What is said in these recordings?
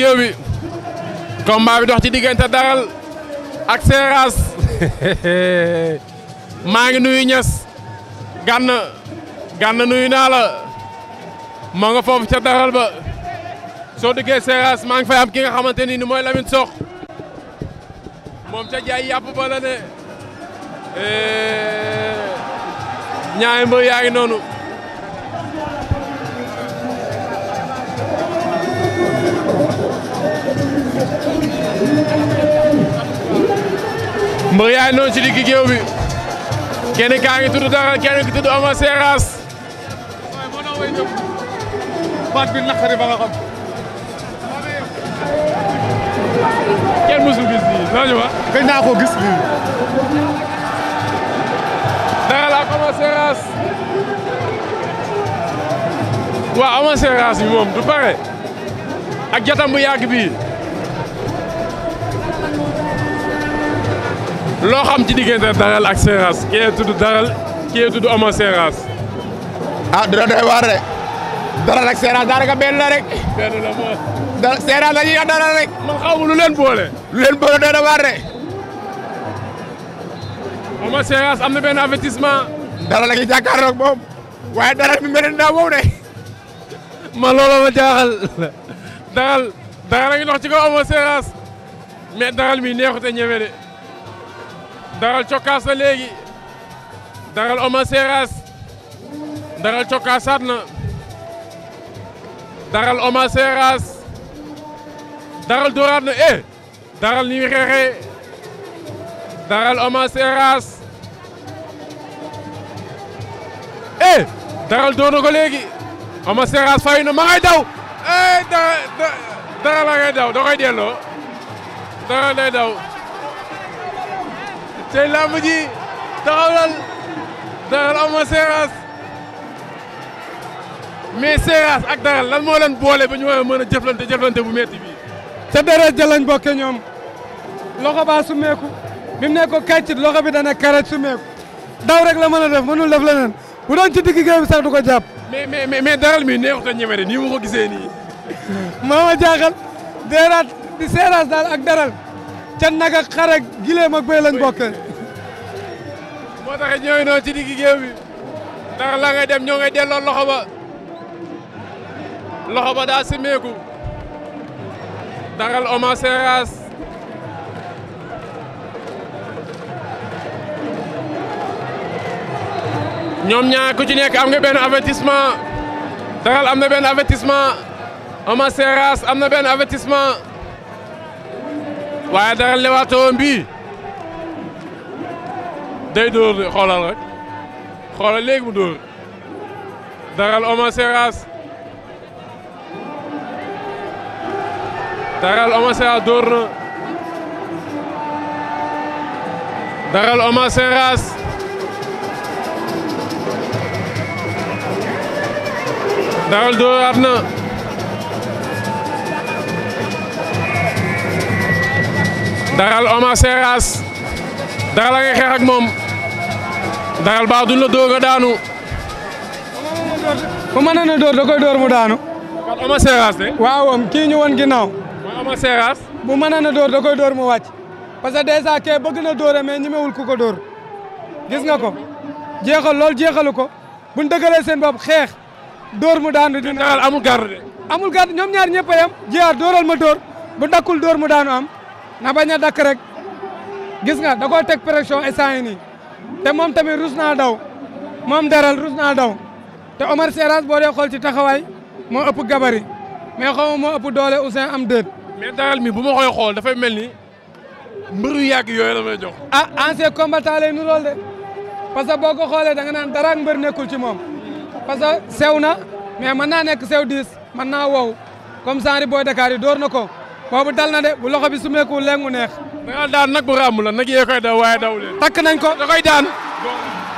géew bi combat dox ci diggante daral ak seeraas maa ngi nuyu ñes gànn gànn nuyu naa la moo nga foofu ca daral ba soo diggee seeraas maa ngi fay am ki nga xamante ni ni mooy lamit Sox moom ca jaay yàpp ba la ne eh, noonu mbër yaay noonu ci digg géew bi kenn kaa ngi tudd dara kenn ki tudd Ama Seras baat bi naqari ba xam kenn mësul gis nii nooñu ma gëj naa ko gis nii dara la Ama Seras waaw Ama Seras bi moom pare ak jatam bu yàgg bii loo xam ci diggante daral ak Seras kii yee tudd daral kii yee tudd Ama Seras. ah dina doy waar daral ak Seras daanaka benn la rek. benn la moo. da Seras dañuy na waar na benn avertissement. daral la ñuy jàkkaarloog moom waaye daral mi mel ni daaw moom de. ma looloo ma jaaxal daral daral a ngi dox ci kaw Ama Seras mais daral mi neexut a de. daral cokkaas na léegi daral Oma Seras daral cokkaasaat na daral Oma Seras daral dooraat na eh daral ni muy daral Oma Seras eh daral doon na ko léegi Oma Seras fay na ma ngay daw eh daral la ngay daw da koy delloo daral day daw. cey làmb ji taxawlal daral am na seeraas mais seeraas ak daral lan moo leen boole ba ñu war a mën a jëflante bu metti bi ca deret ja lañ bokke ñoom loxo baa su meeku ne ko kàccit loxo bi dana karet su meeku daw rek la mën a def mënul def leneen bu doon ci digg géew bi sax du ko jàpp mais mais mais daral mi neexu ko ñeme de nii mu ko gisee nii ma jaaxal deraat di seeraas daal ak daral ca nag ak xar ak gileem ak lañ bokk. tax ñooy noonu ci digg géew bi ndax la ngay dem ñoo ngay delloo loxo ba loxo ba daa simeeku daral Oma Seras ñoom ñaar ku ci nekk am nga benn avertissement daral am na benn avertissement Oma Seras am na benn avertissement waaye dara lewaatoon bii day dóor de xoolal rek xoolal léegi mu dóor daral Omar Seras daral Omar Seras dóor na daral Omar Seras daral dóoraat na daral Oma Seras daral a ngay xeex moom daral baax duñ la dóor nga daanu. bu mënoon a dóor da koy door mu daanu. kon Oma Seras de. waaw kii ñu woon ginnaaw. waaw Oma Seras. bu mënoon a dóor da koy door mu wàcc. parce que dèjà kee bëgg na dóore mais ñemewul ku ko door gis nga ko jeexal loolu jeexalu ko buñ dëggalee seen bopp xeex dóor mu daanu. dina amul garde amul garde ñoom ñaar ñëpp a yem. jiyaar dóoral ma dóor bu dakkul dóor mu daanu am. na bañ a dakk rek gis nga da koo teg pression instant yii nii te moom tamit rus naa daw moom deral rus naa daw te Omar Seras boo dee xool ci taxawaay moo ëpp gabari mais xaw ma moo ëpp doole Ousseyn am déet. mais daral mi bu ma koy xool dafay mel ni mbëru yàgg yooyu la jox. a ah, ancien combattant lay nu lool de parce que boo ko xoolee da nga naan dara ak mbër nekkul ci moom parce que sew na mais mën naa nekk sew diis mën naa wow comme genre boo Dakar yi door na ko. boobu dal na de bu loxo bi su meeku mu neex. da daan nag bu la na yee koy daw waaye daw leen. takk nañ ko da koy daan.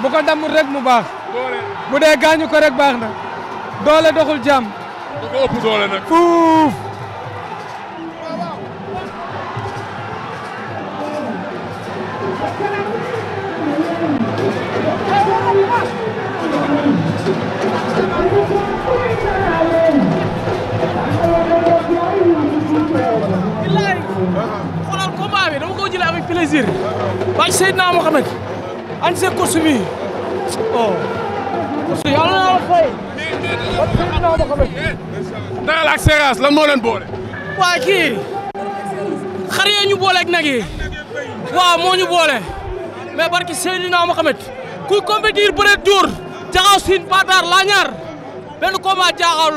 bu ko dammul rek mu baax. bu dee gaañu ko rek baax na. doole doxul jàmm. da doole nag. fuuf. xoolal combat bi dama ko jëlee avec plaisir. waa ci Seydina Mohamed. ànd see course na la fay. waa ci Seydina Mohamed. daal ak Seras lan moo leen boole. waa kii. xar yee ñu booleeg nag yi. waaw moo ñu boole. mais barki Seydina Mohamed. kuy compétir bëre dóor. jaxaw siin pataar laa ñaar. benn combat jaaxal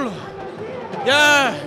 la.